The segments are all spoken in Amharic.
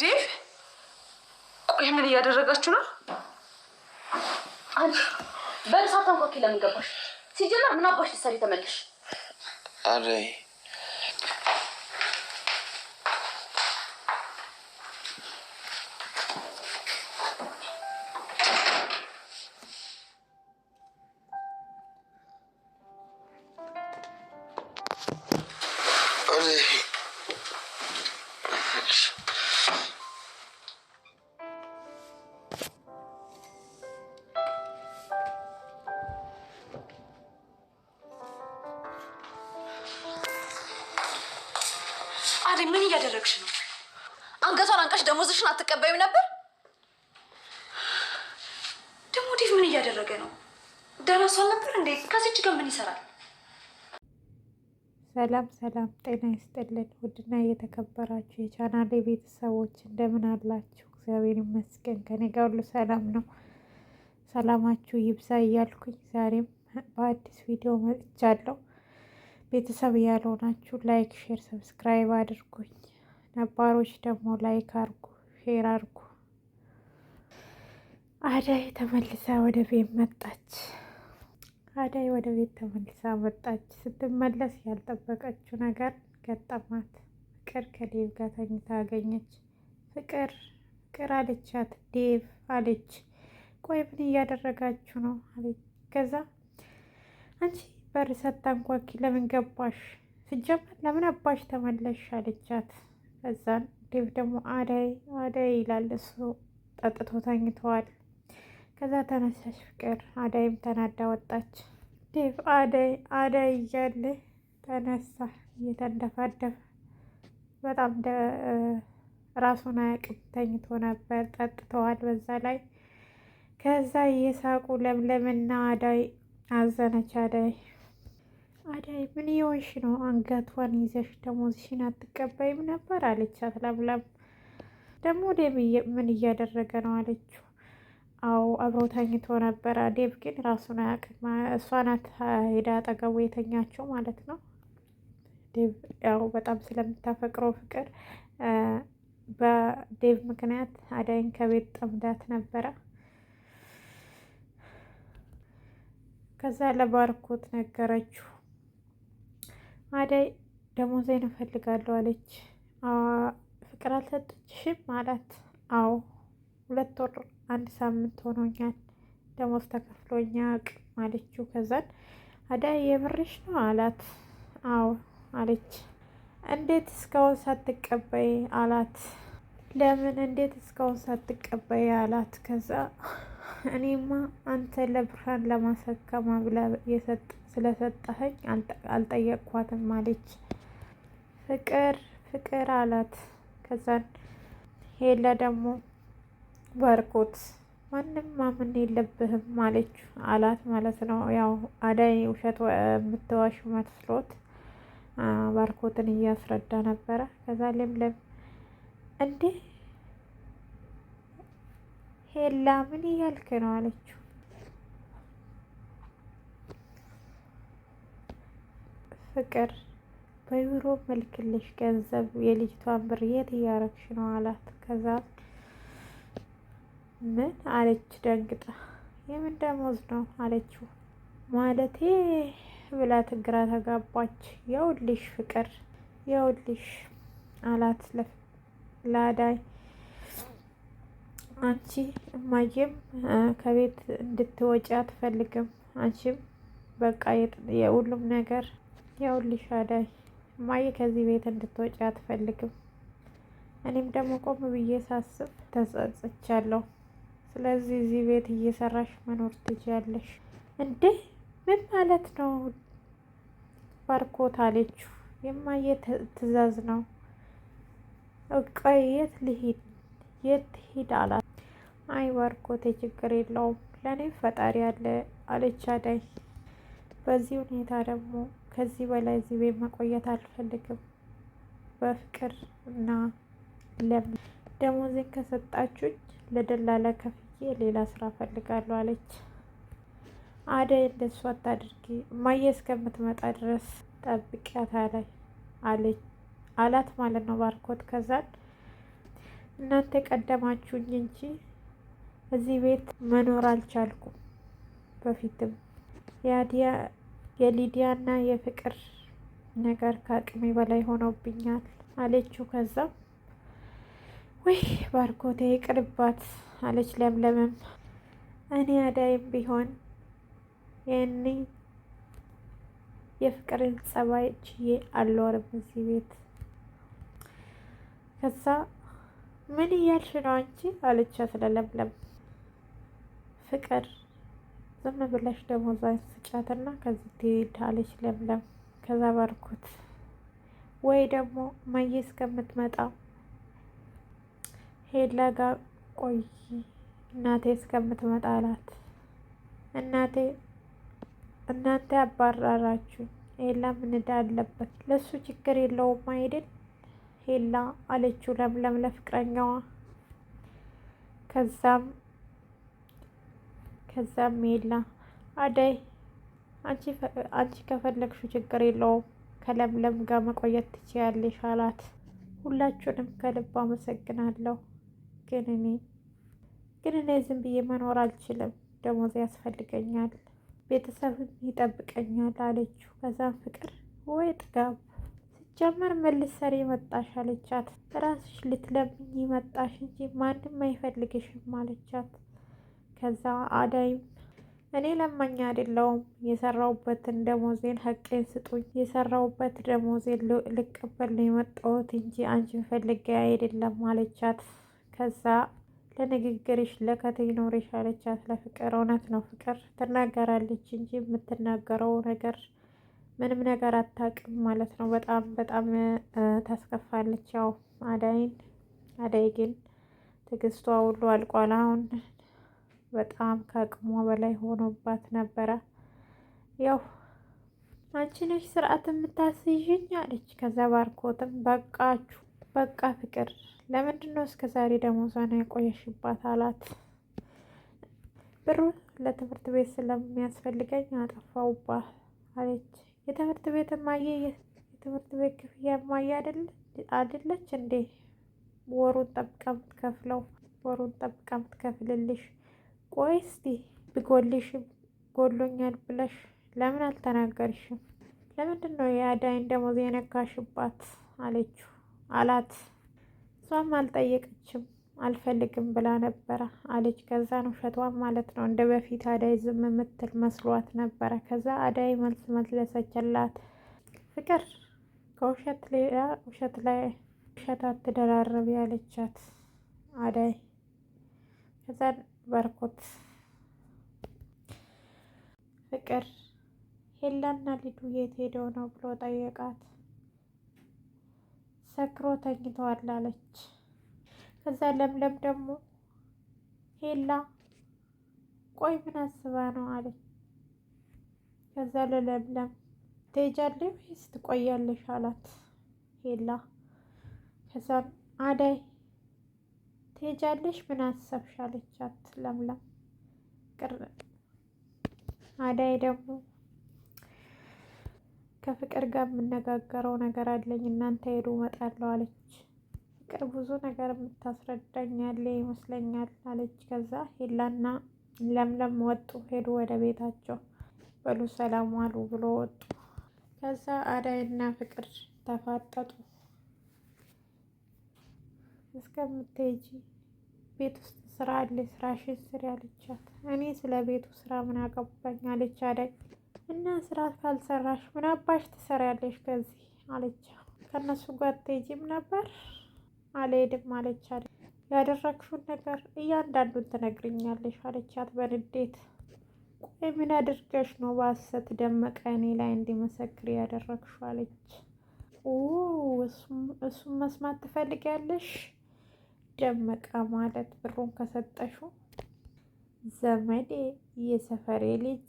ዴቭ ቆይ ምን እያደረጋችሁ ነው? አንቺ በእሳት ለምን ገባሽ? ሲጀመር ምን አባሽ ልትሰሪ ተመለሽ? ሰላም ሰላም፣ ጤና ይስጥልን ውድና እየተከበራችሁ የቻናሌ ቤተሰቦች እንደምን አላችሁ? እግዚአብሔር ይመስገን ከኔ ጋር ሁሉ ሰላም ነው። ሰላማችሁ ይብዛ እያልኩኝ ዛሬም በአዲስ ቪዲዮ መጥቻለሁ። ቤተሰብ ያልሆናችሁ ላይክ፣ ሼር፣ ሰብስክራይብ አድርጉኝ። ነባሮች ደግሞ ላይክ አርጉ፣ ሼር አርጉ። አዳይ ተመልሳ ወደ ቤት መጣች። አደይ ወደ ቤት ተመልሳ ወጣች። ስትመለስ ያልጠበቀችው ነገር ገጠማት። ፍቅር ከዴቭ ጋር ተኝታ አገኘች። ፍቅር ፍቅር አለቻት። ዴቭ አለች። ቆይ ምን እያደረጋችሁ ነው አለች። ከዛ አንቺ በር ሳታንኳኪ ለምን ገባሽ? ስጀመር ለምን አባሽ ተመለሽ አለቻት። ከዛን ዴቭ ደግሞ አደይ አደይ ይላል። እሱ ጠጥቶ ተኝተዋል። ከዛ ተነሳሽ ፍቅር አዳይም ተናዳ ወጣች። ዴቭ አዳይ አዳይ እያለ ተነሳ እየተንደፋደፈ በጣም ራሱን አያውቅም። ተኝቶ ነበር፣ ጠጥተዋል በዛ ላይ ከዛ እየሳቁ ለምለምና አዳይ አዘነች። አዳይ አዳይ ምን የሆንሽ ነው? አንገቷን ይዘሽ ደሞዝሽን አትቀበይም ነበር አለቻት። ለምለም ደግሞ ዴቭ ምን እያደረገ ነው አለችው። አዎ አብረው ተኝቶ ነበረ። ዴቭ ግን ራሱን አያውቅም። እሷ ናት ሄዳ አጠገቡ የተኛቸው ማለት ነው። ዴቭ ያው በጣም ስለምታፈቅረው ፍቅር በዴቭ ምክንያት አዳይን ከቤት ጠምዳት ነበረ። ከዛ ለባርኮት ነገረችው። አዳይ ደሞዜን እፈልጋለሁ አለች። ፍቅር አልሰጠችሽም ማለት አዎ ሁለት ወር አንድ ሳምንት ሆኖኛል ደሞዝ ተከፍሎኛ አቅ ማለችው። ከዛን አዳ የምርሽ ነው አላት። አዎ አለች። እንዴት እስካሁን ሳትቀበይ አላት። ለምን እንዴት እስካሁን ሳትቀበይ አላት። ከዛ እኔማ አንተ ለብርሃን ለማሰከማ ብላ ስለሰጠኸኝ አልጠየቅኳትም አለች። ፍቅር ፍቅር አላት። ከዛን ሄላ ደግሞ ባርኮት ማንም ማመን የለብህም አለች አላት ማለት ነው። ያው አዳይ ውሸት የምትዋሽ መስሎት ባርኮትን እያስረዳ ነበረ። ከዛ ለምለም እንዴ ሄላ ምን እያልክ ነው አለችው። ፍቅር በዩሮ መልክልሽ ገንዘብ የልጅቷን ብር የት እያረግሽ ነው አላት። ከዛ ምን አለች ደንግጣ። የምን ደሞዝ ነው አለችው። ማለቴ ብላ ትግራ ተጋባች። የውልሽ ፍቅር የውልሽ አላት ለአዳይ። አንቺ እማዬም ከቤት እንድትወጪ አትፈልግም። አንቺም በቃ የሁሉም ነገር የውልሽ አዳይ። እማዬ ከዚህ ቤት እንድትወጪ አትፈልግም። እኔም ደግሞ ቆም ብዬ ሳስብ ተጸጽቻለሁ። ስለዚህ እዚህ ቤት እየሰራሽ መኖር ትችያለሽ። እንዴ ምን ማለት ነው? ባርኮት አለችው። የማየ ትዕዛዝ ነው። እቃ የት ልሂድ የት ሂድ አላት። አይ ባርኮት ችግር የለውም ለእኔ ፈጣሪ አለ አለች አዳይ። በዚህ ሁኔታ ደግሞ ከዚህ በላይ እዚህ ቤት መቆየት አልፈልግም። በፍቅር እና ለም ደሞዜን ከሰጣችሁኝ ለደላላ ከፍዬ ሌላ ስራ ፈልጋለሁ አለች። አደይ እንደሱ አታድርጊ እማዬ እስከምትመጣ ድረስ ጠብቂያት አለች አላት ማለት ነው ባርኮት። ከዛን እናንተ ቀደማችሁኝ እንጂ እዚህ ቤት መኖር አልቻልኩም። በፊትም የሊዲያ እና የፍቅር ነገር ከአቅሜ በላይ ሆነውብኛል አለችው። ከዛም ወይ ባርኮቴ ቅርባት አለች ለምለምም። እኔ አዳይም ቢሆን ይህኔ የፍቅርን ጸባይ ችዬ አልኖርም እዚህ ቤት። ከዛ ምን እያልሽ ነው አንቺ አለቻ ስለለምለም ፍቅር ዝም ብለሽ ደሞዟን ስጫትና ከዚህ ትሄድ አለች ለምለም። ከዛ ባርኮት ወይ ደግሞ መዬ እስከምትመጣ ሄላ ጋር ቆይ እናቴ እስከምትመጣ አላት። እናቴ እናንተ አባራራችሁ ሄላ ምንዳ አለበት ለሱ ችግር የለውም አይደል ሄላ አለችው ለምለም ለፍቅረኛዋ። ከዛም ከዛም ሄላ አደይ አንቺ ከፈለግሽ ችግር የለውም ከለምለም ጋር መቆየት ትችያለሽ አላት። ሁላችሁንም ከልብ አመሰግናለሁ። ግን እኔ ግን እኔ ዝም ብዬ መኖር አልችልም፣ ደሞዝ ያስፈልገኛል፣ ቤተሰብም ይጠብቀኛል አለችው። ከዛም ፍቅር ወይ ጥጋብ ጀመር መልስ ሰሪ መጣሽ አለቻት። ራስሽ ልትለምኝ መጣሽ እንጂ ማንም አይፈልግሽም አለቻት። ከዛ አዳይም እኔ ለማኝ አይደለውም የሰራውበትን ደሞዜን ሀቄን ስጡኝ፣ የሰራውበት ደሞዜን ልቀበል ነው የመጣሁት እንጂ አንቺን ፈልጌ አይደለም አለቻት። ከዛ ለንግግርሽ ለከት ይኖርሽ አለቻት ለፍቅር። እውነት ነው ፍቅር ትናገራለች እንጂ የምትናገረው ነገር ምንም ነገር አታውቅም ማለት ነው። በጣም በጣም ታስከፋለች። ያው አዳይን አዳይ ግን ትዕግስቷ ሁሉ አልቋል። አሁን በጣም ከአቅሟ በላይ ሆኖባት ነበረ። ያው አንቺ ነሽ ስርዓት የምታስይዥኝ አለች። ከዛ ባርኮትም በቃችሁ በቃ ፍቅር ለምንድን ነው እስከ ዛሬ ደሞዟን የቆየሽባት አላት። ብሩ ለትምህርት ቤት ስለሚያስፈልገኝ አጠፋውባ አለች። የትምህርት ቤት ማየ የትምህርት ቤት ክፍያ ማየ አይደለች እንዴ? ወሩን ጠብቃ ምትከፍለው ወሩን ጠብቃ ምትከፍልልሽ። ቆይ እስቲ ብጎልሽ ጎሎኛል ብለሽ ለምን አልተናገርሽም? ለምንድን ነው የአዳይን ደሞዝ የነካሽባት አለችው አላት። እሷም አልጠየቀችም አልፈልግም ብላ ነበረ አለች። ከዛን ውሸቷን ማለት ነው እንደ በፊት አዳይ ዝም የምትል መስሏት ነበረ። ከዛ አዳይ መልስ መለሰችላት። ፍቅር ከውሸት ሌላ ውሸት ላይ ውሸት አትደራረብ ያለቻት አዳይ። ከዛን በርኮት ፍቅር ሄላና ልጁ የት ሄደው ነው ብሎ ጠየቃት። ሰክሮ ተኝተዋል አለች። ከዛ ለምለም ደግሞ ሄላ ቆይ ምን አስባ ነው አለች። ከዛ ለለምለም ትሄጃለሽ ወይስ ትቆያለሽ አላት ሄላ። ከዛ አዳይ ትሄጃለሽ ምን አሰብሽ አለቻት ለምለም። ቅር አዳይ ደግሞ ከፍቅር ጋር የምነጋገረው ነገር አለኝ እናንተ ሄዱ እመጣለሁ አለች። ፍቅር ብዙ ነገር የምታስረዳኝ ያለ ይመስለኛል አለች። ከዛ ሄላና ለምለም ወጡ፣ ሄዱ ወደ ቤታቸው በሉ ሰላም ዋሉ ብሎ ወጡ። ከዛ አዳይና ፍቅር ተፋጠጡ። እስከምትሄጂ ቤት ውስጥ ስራ አለ ስራሽን ስሪ አለቻት። እኔ ስለ ቤቱ ስራ ምን አገባኝ አለች አዳይ። እና ስራ ካልሰራሽ ምን አባሽ ትሰሪያለሽ ከዚህ አለች። ከእነሱ ጋር አትሄጂም ነበር? አልሄድም አለች። ያደረግሽውን ነገር እያንዳንዱን ትነግርኛለሽ አለቻት በንዴት። ቆይ ምን አድርገሽ ነው በሐሰት ደመቀ እኔ ላይ እንዲመሰክር ያደረግሽው? አለች። እሱም መስማት ትፈልጊያለሽ? ደመቀ ማለት ብሩን ከሰጠሽው ዘመዴ የሰፈሬ ልጅ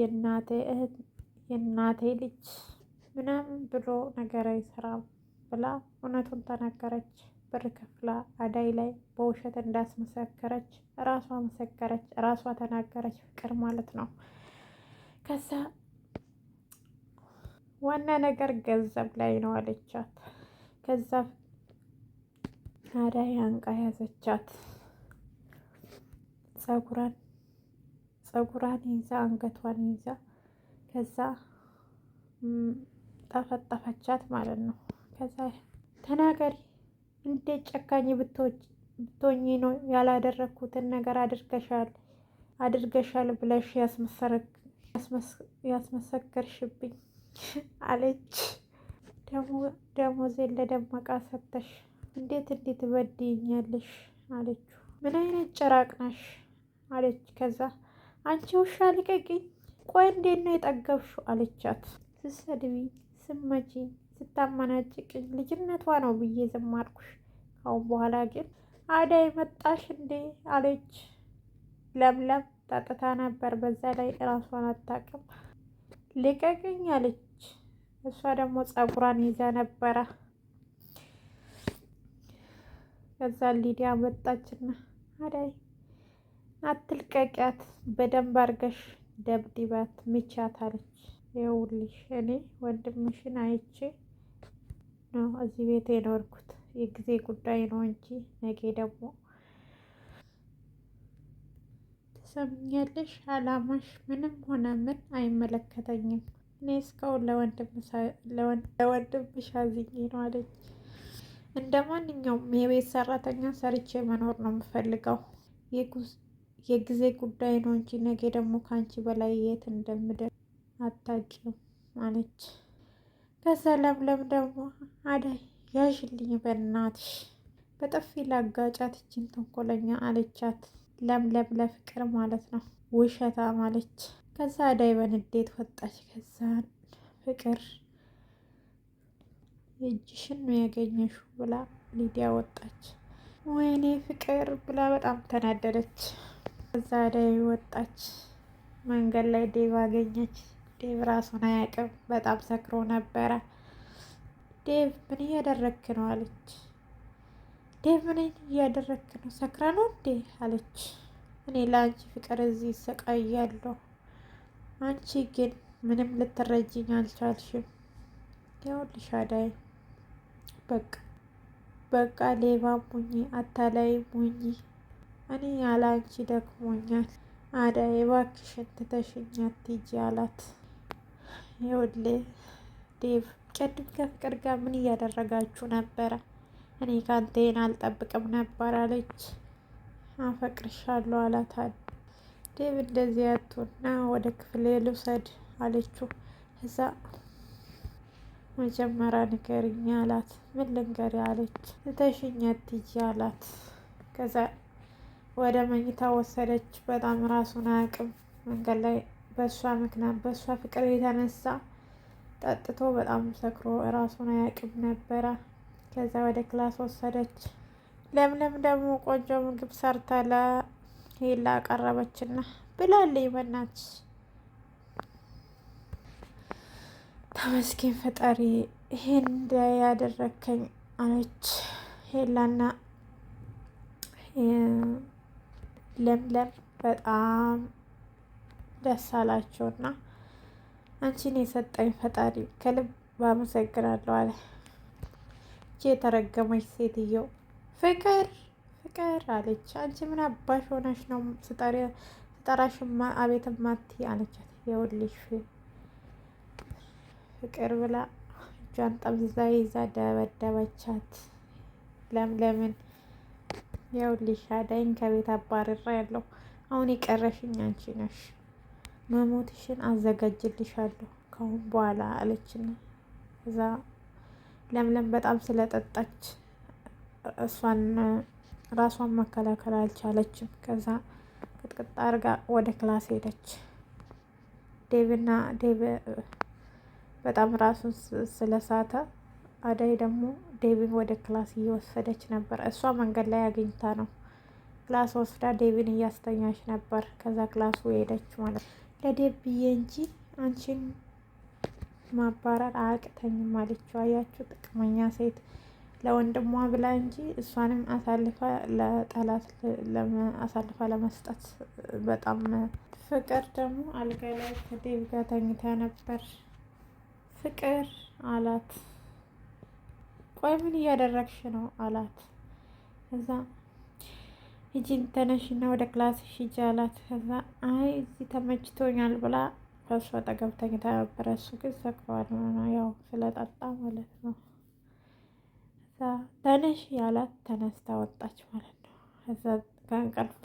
የእናቴ እህት የእናቴ ልጅ ምናምን ብሎ ነገር አይሰራም ብላ እውነቱን ተናገረች። ብር ከፍላ አዳይ ላይ በውሸት እንዳስመሰከረች ራሷ መሰከረች፣ ራሷ ተናገረች። ፍቅር ማለት ነው። ከዛ ዋና ነገር ገንዘብ ላይ ነው አለቻት። ከዛ አዳይ አንቃ ያዘቻት። ፀጉሯን ፀጉሯን ይዛ አንገቷን ይዛ ከዛ ጠፈጠፈቻት ማለት ነው። ከዛ ተናገሪ እንዴት ጨካኝ ብትሆኚ ነው ያላደረግኩትን ነገር አድርገሻል አድርገሻል ብለሽ ያስመሰከርሽብኝ አለች። ደሞዜን ለደመቃ ሰተሽ እንዴት እንዴት ትበድይኛለሽ አለችው። ምን አይነት ጭራቅ ነሽ አለች። ከዛ አንቺ ውሻ ልቀቂኝ፣ ቆይ እንዴት ነው የጠገብሽው አለቻት። ስሰድቢኝ፣ ስመጪኝ፣ ስታመናጭቅኝ ልጅነቷ ነው ብዬ ዝም አልኩሽ። ካሁን በኋላ ግን አዳይ መጣሽ እንዴ አለች። ለምለም ጠጥታ ነበር፣ በዛ ላይ እራሷን አታውቅም። ልቀቅኝ አለች። እሷ ደግሞ ፀጉሯን ይዛ ነበረ። ከዛ ሊዲያ መጣችና አዳይ አትልቀቂያት፣ በደንብ አርገሽ ደብድባት ምቻት አለች። ይኸውልሽ እኔ ወንድምሽን አይቼ ነው እዚህ ቤት የኖርኩት። የጊዜ ጉዳይ ነው እንጂ ነገ ደግሞ ትሰምኛለሽ። አላማሽ ምንም ሆነ ምን አይመለከተኝም። እኔ እስካሁን ለወንድምሽ አዝኜ ነው አለች። እንደ ማንኛውም የቤት ሰራተኛ ሰርቼ መኖር ነው የምፈልገው። የጊዜ ጉዳይ ነው እንጂ ነገ ደግሞ ከአንቺ በላይ የት እንደምደርስ አታውቂም አለች። ከዛ ለምለም ደግሞ አዳይ ያሽልኝ በእናትሽ በጥፊ ላጋጫት እችን ተንኮለኛ አለቻት። ለምለም ለፍቅር ማለት ነው ውሸታ ማለች። ከዛ አዳይ በንዴት ወጣች። ከዛ ፍቅር እጅሽን ነው ያገኘሽው ብላ ሊዲያ ወጣች። ወይኔ ፍቅር ብላ በጣም ተናደደች። ከዛ ወጣች። መንገድ ላይ ዴቭ አገኘች። ዴቭ ራሱን አያውቅም፣ በጣም ሰክሮ ነበረ። ዴቭ ምን እያደረክ ነው አለች። ዴቭ ምን እያደረክ ነው? ሰክረ ነው እንዴ አለች። እኔ ለአንቺ ፍቅር እዚህ ይሰቃያለሁ፣ አንቺ ግን ምንም ልትረጅኝ አልቻልሽም። ይኸውልሽ አደይ በቃ በቃ ሌባ ሙኝ፣ አታላይ ሙኝ እኔ ያለ አንቺ ደክሞኛል፣ አዳይ እባክሽን ትተሽኝ አትሂጂ አላት። ይኸውልህ ዴቭ ቅድም ከፍቅር ጋር ምን እያደረጋችሁ ነበረ? እኔ ካንተ ይሄን አልጠብቅም ነበር አለች። አፈቅርሻለሁ አላት። ዴቭ እንደዚህ ያቱና ወደ ክፍሌ ልውሰድ አለችው። እዛ መጀመሪያ ንገሪኝ አላት። ምን ልንገር አለች። ትተሽኝ አትሂጂ አላት። ከዛ ወደ መኝታ ወሰደች። በጣም ራሱን አያውቅም። መንገድ ላይ በእሷ ምክንያት በእሷ ፍቅር የተነሳ ጠጥቶ በጣም ሰክሮ ራሱን አያውቅም ነበረ። ከዛ ወደ ክላስ ወሰደች። ለምለም ደግሞ ቆንጆ ምግብ ሰርታ ለሄላ አቀረበችና ብላልኝ በእናትሽ ተመስገን ፈጣሪ ይሄን እንደ አለች ሄላና ለምለም በጣም ደስ አላቸውና አንቺን የሰጠኝ ፈጣሪ ከልብ አመሰግናለሁ አለ። እቺ የተረገመች ሴትየው ፍቅር ፍቅር አለች። አንቺ ምን አባሽ ሆነሽ ነው ስጠራሽ አቤት ማቲ አለቻት። የውልሽ ፍቅር ብላ እጇን ጠምዝዛ ይዛ ደበደበቻት ለምለምን። ይኸውልሽ አዳይን ከቤት አባረራ ያለው አሁን የቀረሽኝ አንቺ ነሽ። መሞትሽን አዘጋጅልሻለሁ ከአሁን በኋላ አለችና እዛ ለምለም በጣም ስለጠጣች እሷን ራሷን መከላከል አልቻለችም። ከዛ ቅጥቅጥ አርጋ ወደ ክላስ ሄደች። ዴብና ዴብ በጣም ራሱን ስለሳተ አዳይ ደግሞ ዴቪን ወደ ክላስ እየወሰደች ነበር። እሷ መንገድ ላይ አግኝታ ነው ክላስ ወስዳ ዴቪን እያስተኛች ነበር። ከዛ ክላሱ ሄደች ማለት ለዴቭ ብዬ እንጂ አንቺን ማባረር አያቅተኝም አለችው። አያችሁ ጥቅመኛ ሴት ለወንድሟ ብላ እንጂ እሷንም አሳልፋ ለጠላት አሳልፋ ለመስጠት በጣም ፍቅር ደግሞ አልጋ ላይ ከዴቭ ጋር ተኝታ ነበር። ፍቅር አላት ቆይ ምን እያደረግሽ ነው አላት። ከዛ ሂጂን ተነሽና ወደ ክላስ ሂጂ አላት። ከዛ አይ እዚህ ተመችቶኛል ብላ ከሱ አጠገብ ተኝታ ነበረ። እሱ ግን ሰክሯል ነው ያው ስለጠጣ ማለት ነው። ከዛ ተነሽ ያላት ተነስታ ወጣች ማለት ነው። ከዛ ከእንቅልፍ